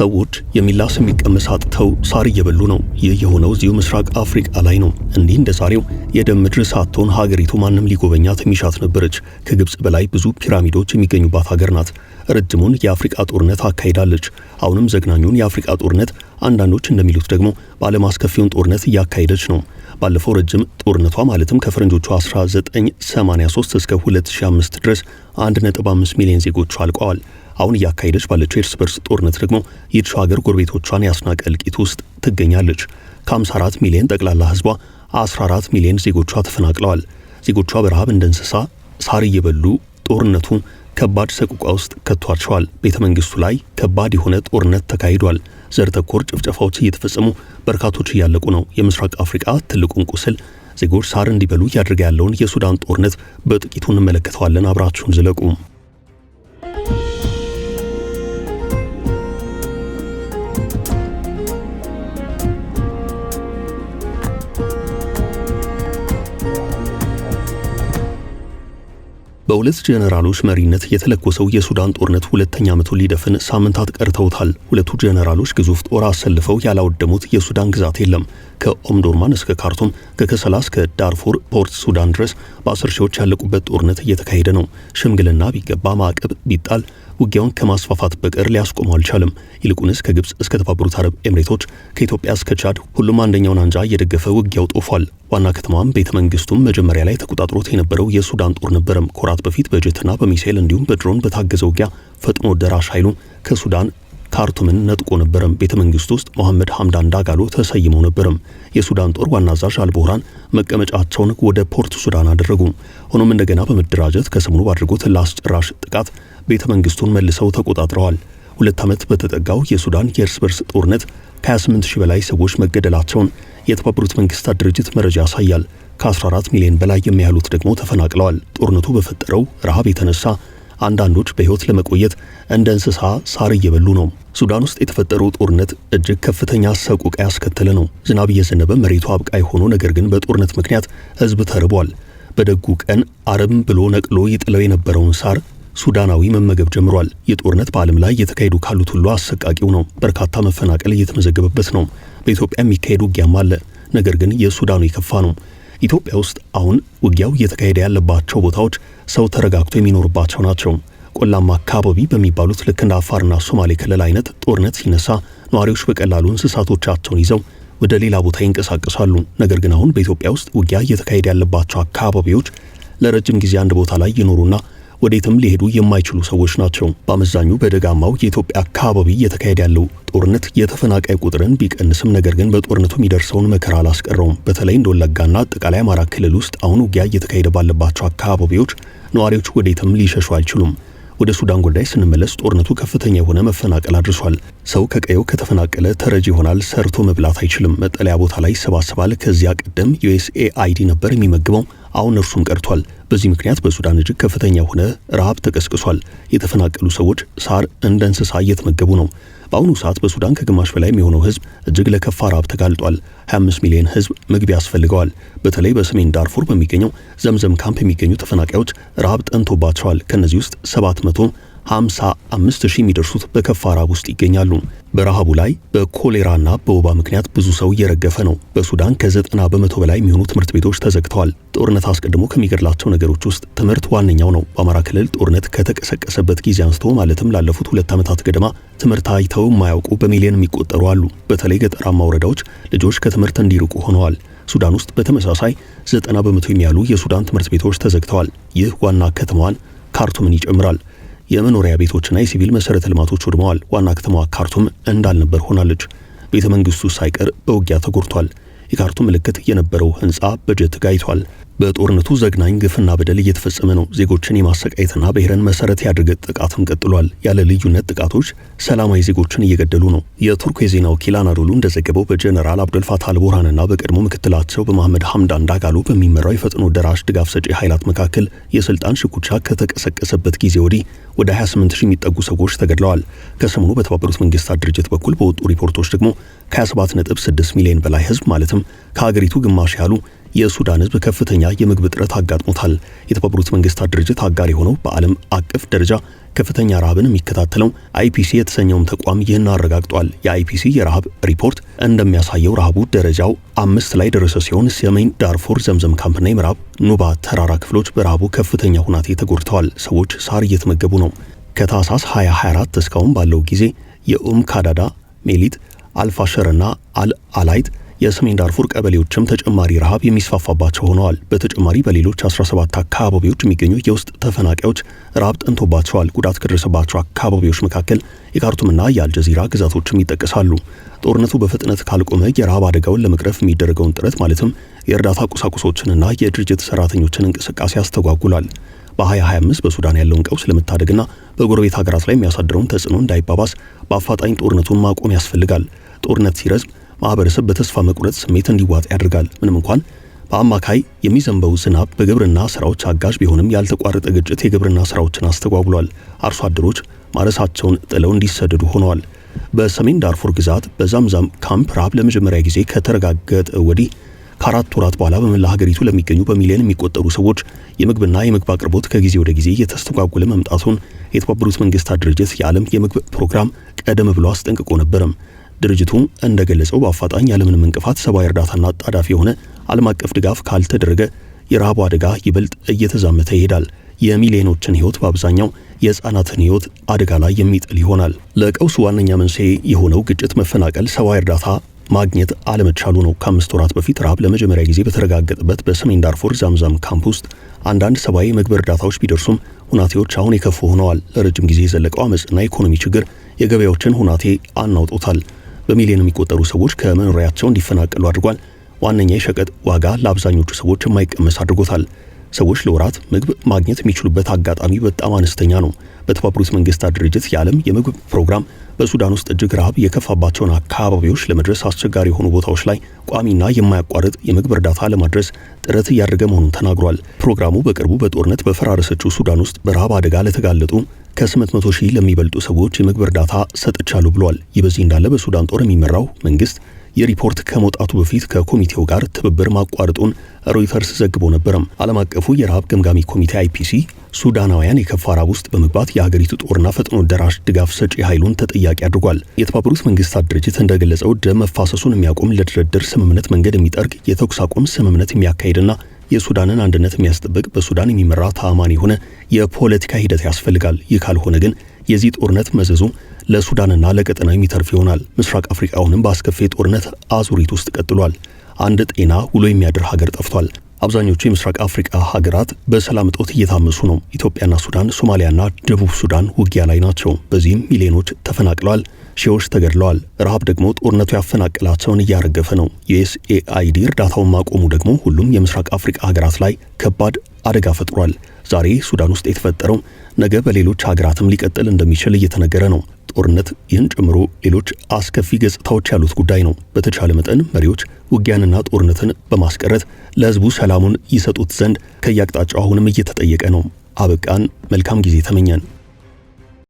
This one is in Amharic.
ሰዎች የሚላስ የሚቀመስ አጥተው ሳር እየበሉ ነው። ይህ የሆነው እዚሁ ምስራቅ አፍሪካ ላይ ነው። እንዲህ እንደ ዛሬው የደም ምድር ሳትሆን ሀገሪቱ ማንም ሊጎበኛት የሚሻት ነበረች። ከግብፅ በላይ ብዙ ፒራሚዶች የሚገኙባት ሀገር ናት። ረጅሙን የአፍሪቃ ጦርነት አካሂዳለች። አሁንም ዘግናኙን የአፍሪቃ ጦርነት፣ አንዳንዶች እንደሚሉት ደግሞ በዓለም አስከፊውን ጦርነት እያካሄደች ነው። ባለፈው ረጅም ጦርነቷ ማለትም ከፈረንጆቹ 1983 እስከ 2005 ድረስ 1.5 ሚሊዮን ዜጎች አልቀዋል። አሁን እያካሄደች ባለችው የእርስ በርስ ጦርነት ደግሞ ይህች ሀገር ጎረቤቶቿን ያስናቀ እልቂት ውስጥ ትገኛለች። ከ54 ሚሊዮን ጠቅላላ ህዝቧ 14 ሚሊዮን ዜጎቿ ተፈናቅለዋል። ዜጎቿ በረሃብ እንደ እንስሳ ሳር እየበሉ ጦርነቱ ከባድ ሰቁቋ ውስጥ ከቷቸዋል። ቤተ መንግስቱ ላይ ከባድ የሆነ ጦርነት ተካሂዷል። ዘር ተኮር ጭፍጨፋዎች እየተፈጸሙ በርካቶች እያለቁ ነው። የምስራቅ አፍሪቃ ትልቁን ቁስል ዜጎች ሳር እንዲበሉ እያደረገ ያለውን የሱዳን ጦርነት በጥቂቱ እንመለከተዋለን። አብራችሁን ዝለቁ። በሁለት ጄኔራሎች መሪነት የተለኮሰው የሱዳን ጦርነት ሁለተኛ ዓመቱን ሊደፍን ሳምንታት ቀርተውታል። ሁለቱ ጄኔራሎች ግዙፍ ጦር አሰልፈው ያላወደሙት የሱዳን ግዛት የለም። ከኦምዶርማን እስከ ካርቱም፣ ከከሰላ እስከ ዳርፉር ፖርት ሱዳን ድረስ በአስር ሺዎች ያለቁበት ጦርነት እየተካሄደ ነው። ሽምግልና ቢገባ ማዕቀብ ቢጣል ውጊያውን ከማስፋፋት በቀር ሊያስቆሙ አልቻለም። ይልቁንስ ከግብፅ እስከ ተባበሩት አረብ ኤምሬቶች፣ ከኢትዮጵያ እስከ ቻድ ሁሉም አንደኛውን አንጃ እየደገፈ ውጊያው ጦፏል። ዋና ከተማም ቤተ መንግስቱም መጀመሪያ ላይ ተቆጣጥሮት የነበረው የሱዳን ጦር ነበረም። ከወራት በፊት በጀትና በሚሳኤል እንዲሁም በድሮን በታገዘ ውጊያ ፈጥኖ ደራሽ ኃይሉ ከሱዳን ካርቱምን ነጥቆ ነበረም። ቤተ መንግስት ውስጥ መሐመድ ሐምዳን ዳጋሎ ተሰይመው ነበረም። የሱዳን ጦር ዋና አዛዥ አልቡርሃን መቀመጫቸውን ወደ ፖርት ሱዳን አደረጉ። ሆኖም እንደገና በመደራጀት ከሰሞኑ ባድርጎት ለአስጨራሽ ጥቃት ቤተ መንግስቱን መልሰው ተቆጣጥረዋል። ሁለት ዓመት በተጠጋው የሱዳን የእርስ በርስ ጦርነት ከ28 ሺህ በላይ ሰዎች መገደላቸውን የተባበሩት መንግስታት ድርጅት መረጃ ያሳያል። ከ14 ሚሊዮን በላይ የሚያሉት ደግሞ ተፈናቅለዋል። ጦርነቱ በፈጠረው ረሃብ የተነሳ አንዳንዶች በሕይወት ለመቆየት እንደ እንስሳ ሳር እየበሉ ነው። ሱዳን ውስጥ የተፈጠረው ጦርነት እጅግ ከፍተኛ ሰቆቃ ያስከተለ ነው። ዝናብ እየዘነበ መሬቱ አብቃይ ሆኖ፣ ነገር ግን በጦርነት ምክንያት ሕዝብ ተርቧል። በደጉ ቀን አረም ብሎ ነቅሎ ይጥለው የነበረውን ሳር ሱዳናዊ መመገብ ጀምሯል። የጦርነት በዓለም ላይ እየተካሄዱ ካሉት ሁሉ አሰቃቂው ነው። በርካታ መፈናቀል እየተመዘገበበት ነው። በኢትዮጵያ የሚካሄድ ውጊያም አለ። ነገር ግን የሱዳኑ የከፋ ነው። ኢትዮጵያ ውስጥ አሁን ውጊያው እየተካሄደ ያለባቸው ቦታዎች ሰው ተረጋግቶ የሚኖርባቸው ናቸው። ቆላማ አካባቢ በሚባሉት ልክ እንደ አፋርና ሶማሌ ክልል አይነት ጦርነት ሲነሳ ነዋሪዎች በቀላሉ እንስሳቶቻቸውን ይዘው ወደ ሌላ ቦታ ይንቀሳቀሳሉ። ነገር ግን አሁን በኢትዮጵያ ውስጥ ውጊያ እየተካሄደ ያለባቸው አካባቢዎች ለረጅም ጊዜ አንድ ቦታ ላይ ይኖሩና ወዴትም ሊሄዱ የማይችሉ ሰዎች ናቸው። በአመዛኙ በደጋማው የኢትዮጵያ አካባቢ እየተካሄደ ያለው ጦርነት የተፈናቃይ ቁጥርን ቢቀንስም ነገር ግን በጦርነቱ የሚደርሰውን መከራ አላስቀረውም። በተለይ እንደ ወለጋና አጠቃላይ አማራ ክልል ውስጥ አሁን ውጊያ እየተካሄደ ባለባቸው አካባቢዎች ነዋሪዎች ወዴትም ሊሸሹ አይችሉም። ወደ ሱዳን ጉዳይ ስንመለስ ጦርነቱ ከፍተኛ የሆነ መፈናቀል አድርሷል። ሰው ከቀየው ከተፈናቀለ ተረጅ ይሆናል። ሰርቶ መብላት አይችልም። መጠለያ ቦታ ላይ ይሰባሰባል። ከዚያ ቀደም ዩኤስኤአይዲ ነበር የሚመግበው፣ አሁን እርሱም ቀርቷል። በዚህ ምክንያት በሱዳን እጅግ ከፍተኛ የሆነ ረሃብ ተቀስቅሷል። የተፈናቀሉ ሰዎች ሳር እንደ እንስሳ እየተመገቡ ነው። በአሁኑ ሰዓት በሱዳን ከግማሽ በላይ የሚሆነው ህዝብ እጅግ ለከፋ ረሃብ ተጋልጧል። 25 ሚሊዮን ህዝብ ምግብ ያስፈልገዋል። በተለይ በሰሜን ዳርፉር በሚገኘው ዘምዘም ካምፕ የሚገኙ ተፈናቃዮች ረሃብ ጠንቶባቸዋል። ከእነዚህ ውስጥ 700 55 ሺህ የሚደርሱት በከፋ ረሃብ ውስጥ ይገኛሉ። በረሃቡ ላይ በኮሌራና በወባ ምክንያት ብዙ ሰው እየረገፈ ነው። በሱዳን ከዘጠና በመቶ በላይ የሚሆኑ ትምህርት ቤቶች ተዘግተዋል። ጦርነት አስቀድሞ ከሚገድላቸው ነገሮች ውስጥ ትምህርት ዋነኛው ነው። በአማራ ክልል ጦርነት ከተቀሰቀሰበት ጊዜ አንስቶ ማለትም ላለፉት ሁለት ዓመታት ገደማ ትምህርት አይተው የማያውቁ በሚሊዮን የሚቆጠሩ አሉ። በተለይ ገጠራማ ወረዳዎች ልጆች ከትምህርት እንዲርቁ ሆነዋል። ሱዳን ውስጥ በተመሳሳይ ዘጠና በመቶ የሚያሉ የሱዳን ትምህርት ቤቶች ተዘግተዋል። ይህ ዋና ከተማዋን ካርቱምን ይጨምራል። የመኖሪያ ቤቶችና የሲቪል መሰረተ ልማቶች ወድመዋል። ዋና ከተማዋ ካርቱም እንዳልነበር ሆናለች። ቤተ መንግስቱ ሳይቀር በውጊያ ተጎድቷል። የካርቱም ምልክት የነበረው ህንፃ በጀት ጋይቷል። በጦርነቱ ዘግናኝ ግፍና በደል እየተፈጸመ ነው። ዜጎችን የማሰቃየትና ብሔርን መሰረት ያደረገ ጥቃትም ቀጥሏል። ያለ ልዩነት ጥቃቶች ሰላማዊ ዜጎችን እየገደሉ ነው። የቱርክ የዜና ወኪል አናዶሉ እንደዘገበው በጀነራል አብደልፋታ አልቡርሃንና በቀድሞ ምክትላቸው በመሐመድ ሐምዳን ዳጋሎ በሚመራው የፈጥኖ ደራሽ ድጋፍ ሰጪ ኃይላት መካከል የስልጣን ሽኩቻ ከተቀሰቀሰበት ጊዜ ወዲህ ወደ 28 ሺህ የሚጠጉ ሰዎች ተገድለዋል። ከሰሞኑ በተባበሩት መንግስታት ድርጅት በኩል በወጡ ሪፖርቶች ደግሞ ከ27.6 ሚሊዮን በላይ ህዝብ ማለትም ከሀገሪቱ ግማሽ ያሉ የሱዳን ህዝብ ከፍተኛ የምግብ እጥረት አጋጥሞታል። የተባበሩት መንግስታት ድርጅት አጋር የሆነው በዓለም አቀፍ ደረጃ ከፍተኛ ረሃብን የሚከታተለው አይፒሲ የተሰኘውም ተቋም ይህን አረጋግጧል። የአይፒሲ የረሃብ ሪፖርት እንደሚያሳየው ረሃቡ ደረጃው አምስት ላይ ደረሰ ሲሆን ሰሜን ዳርፎር ዘምዘም ካምፕና የምዕራብ ኑባ ተራራ ክፍሎች በረሃቡ ከፍተኛ ሁናቴ ተጎድተዋል። ሰዎች ሳር እየተመገቡ ነው። ከታህሳስ 2024 እስካሁን ባለው ጊዜ የኡም ካዳዳ ሜሊት አልፋሸርና አልአላይት የሰሜን ዳርፉር ቀበሌዎችም ተጨማሪ ረሃብ የሚስፋፋባቸው ሆነዋል። በተጨማሪ በሌሎች 17 አካባቢዎች የሚገኙ የውስጥ ተፈናቃዮች ረሃብ ጠንቶባቸዋል። ጉዳት ከደረሰባቸው አካባቢዎች መካከል የካርቱምና የአልጀዚራ ግዛቶችም ይጠቀሳሉ። ጦርነቱ በፍጥነት ካልቆመ የረሃብ አደጋውን ለመቅረፍ የሚደረገውን ጥረት ማለትም የእርዳታ ቁሳቁሶችንና የድርጅት ሰራተኞችን እንቅስቃሴ ያስተጓጉላል። በ2025 በሱዳን ያለውን ቀውስ ለመታደግና በጎረቤት ሀገራት ላይ የሚያሳድረውን ተጽዕኖ እንዳይባባስ በአፋጣኝ ጦርነቱን ማቆም ያስፈልጋል። ጦርነት ሲረዝም ማህበረሰብ በተስፋ መቁረጥ ስሜት እንዲዋጥ ያደርጋል። ምንም እንኳን በአማካይ የሚዘንበው ዝናብ በግብርና ስራዎች አጋዥ ቢሆንም ያልተቋረጠ ግጭት የግብርና ስራዎችን አስተጓጉሏል። አርሶ አደሮች ማረሳቸውን ጥለው እንዲሰደዱ ሆነዋል። በሰሜን ዳርፉር ግዛት በዛምዛም ካምፕ ረሃብ ለመጀመሪያ ጊዜ ከተረጋገጠ ወዲህ ከአራት ወራት በኋላ በመላ ሀገሪቱ ለሚገኙ በሚሊዮን የሚቆጠሩ ሰዎች የምግብና የምግብ አቅርቦት ከጊዜ ወደ ጊዜ እየተስተጓጎለ መምጣቱን የተባበሩት መንግስታት ድርጅት የዓለም የምግብ ፕሮግራም ቀደም ብሎ አስጠንቅቆ ነበረም። ድርጅቱ እንደገለጸው በአፋጣኝ ያለምንም እንቅፋት ሰብአዊ እርዳታና ጣዳፊ የሆነ ዓለም አቀፍ ድጋፍ ካልተደረገ የረሃቡ አደጋ ይበልጥ እየተዛመተ ይሄዳል። የሚሊዮኖችን ህይወት በአብዛኛው የህፃናትን ህይወት አደጋ ላይ የሚጥል ይሆናል። ለቀውሱ ዋነኛ መንስኤ የሆነው ግጭት፣ መፈናቀል፣ ሰብአዊ እርዳታ ማግኘት አለመቻሉ ነው። ከአምስት ወራት በፊት ረሃብ ለመጀመሪያ ጊዜ በተረጋገጠበት በሰሜን ዳርፎር ዛምዛም ካምፕ ውስጥ አንዳንድ ሰብአዊ የምግብ እርዳታዎች ቢደርሱም ሁናቴዎች አሁን የከፉ ሆነዋል። ለረጅም ጊዜ የዘለቀው አመፅና ኢኮኖሚ ችግር የገበያዎችን ሁናቴ አናውጦታል። በሚሊዮን የሚቆጠሩ ሰዎች ከመኖሪያቸው እንዲፈናቀሉ አድርጓል። ዋነኛ የሸቀጥ ዋጋ ለአብዛኞቹ ሰዎች የማይቀመስ አድርጎታል። ሰዎች ለወራት ምግብ ማግኘት የሚችሉበት አጋጣሚ በጣም አነስተኛ ነው። በተባበሩት መንግስታት ድርጅት የዓለም የምግብ ፕሮግራም በሱዳን ውስጥ እጅግ ረሃብ የከፋባቸውን አካባቢዎች ለመድረስ አስቸጋሪ የሆኑ ቦታዎች ላይ ቋሚና የማያቋርጥ የምግብ እርዳታ ለማድረስ ጥረት እያደረገ መሆኑን ተናግሯል። ፕሮግራሙ በቅርቡ በጦርነት በፈራረሰችው ሱዳን ውስጥ በረሃብ አደጋ ለተጋለጡ ከ800 ሺህ ለሚበልጡ ሰዎች የምግብ እርዳታ ሰጥቻሉ ብሏል። ይህ በዚህ እንዳለ በሱዳን ጦር የሚመራው መንግስት የሪፖርት ከመውጣቱ በፊት ከኮሚቴው ጋር ትብብር ማቋረጡን ሮይተርስ ዘግቦ ነበረም። ዓለም አቀፉ የረሃብ ገምጋሚ ኮሚቴ አይፒሲ ሱዳናውያን የከፋ ረሃብ ውስጥ በመግባት የሀገሪቱ ጦርና ፈጥኖ ደራሽ ድጋፍ ሰጪ ኃይሉን ተጠያቂ አድርጓል። የተባበሩት መንግስታት ድርጅት እንደገለጸው ደም መፋሰሱን የሚያቆም ለድርድር ስምምነት መንገድ የሚጠርግ የተኩስ አቁም ስምምነት የሚያካሂድና የሱዳንን አንድነት የሚያስጠብቅ በሱዳን የሚመራ ተአማኒ የሆነ የፖለቲካ ሂደት ያስፈልጋል። ይህ ካልሆነ ግን የዚህ ጦርነት መዘዙ ለሱዳንና ለቀጠናው የሚተርፍ ይሆናል። ምስራቅ አፍሪካ በአስከፊ ጦርነት አዙሪት ውስጥ ቀጥሏል። አንድ ጤና ውሎ የሚያድር ሀገር ጠፍቷል። አብዛኞቹ የምስራቅ አፍሪካ ሀገራት በሰላም እጦት እየታመሱ ነው። ኢትዮጵያና ሱዳን፣ ሶማሊያና ደቡብ ሱዳን ውጊያ ላይ ናቸው። በዚህም ሚሊዮኖች ተፈናቅለዋል፣ ሺዎች ተገድለዋል። ረሃብ ደግሞ ጦርነቱ ያፈናቀላቸውን እያረገፈ ነው። የኤስኤአይዲ እርዳታውን ማቆሙ ደግሞ ሁሉም የምስራቅ አፍሪካ ሀገራት ላይ ከባድ አደጋ ፈጥሯል። ዛሬ ሱዳን ውስጥ የተፈጠረው ነገ በሌሎች ሀገራትም ሊቀጥል እንደሚችል እየተነገረ ነው። ጦርነት ይህን ጨምሮ ሌሎች አስከፊ ገጽታዎች ያሉት ጉዳይ ነው። በተቻለ መጠን መሪዎች ውጊያንና ጦርነትን በማስቀረት ለህዝቡ ሰላሙን ይሰጡት ዘንድ ከየአቅጣጫው አሁንም እየተጠየቀ ነው። አበቃን። መልካም ጊዜ ተመኘን።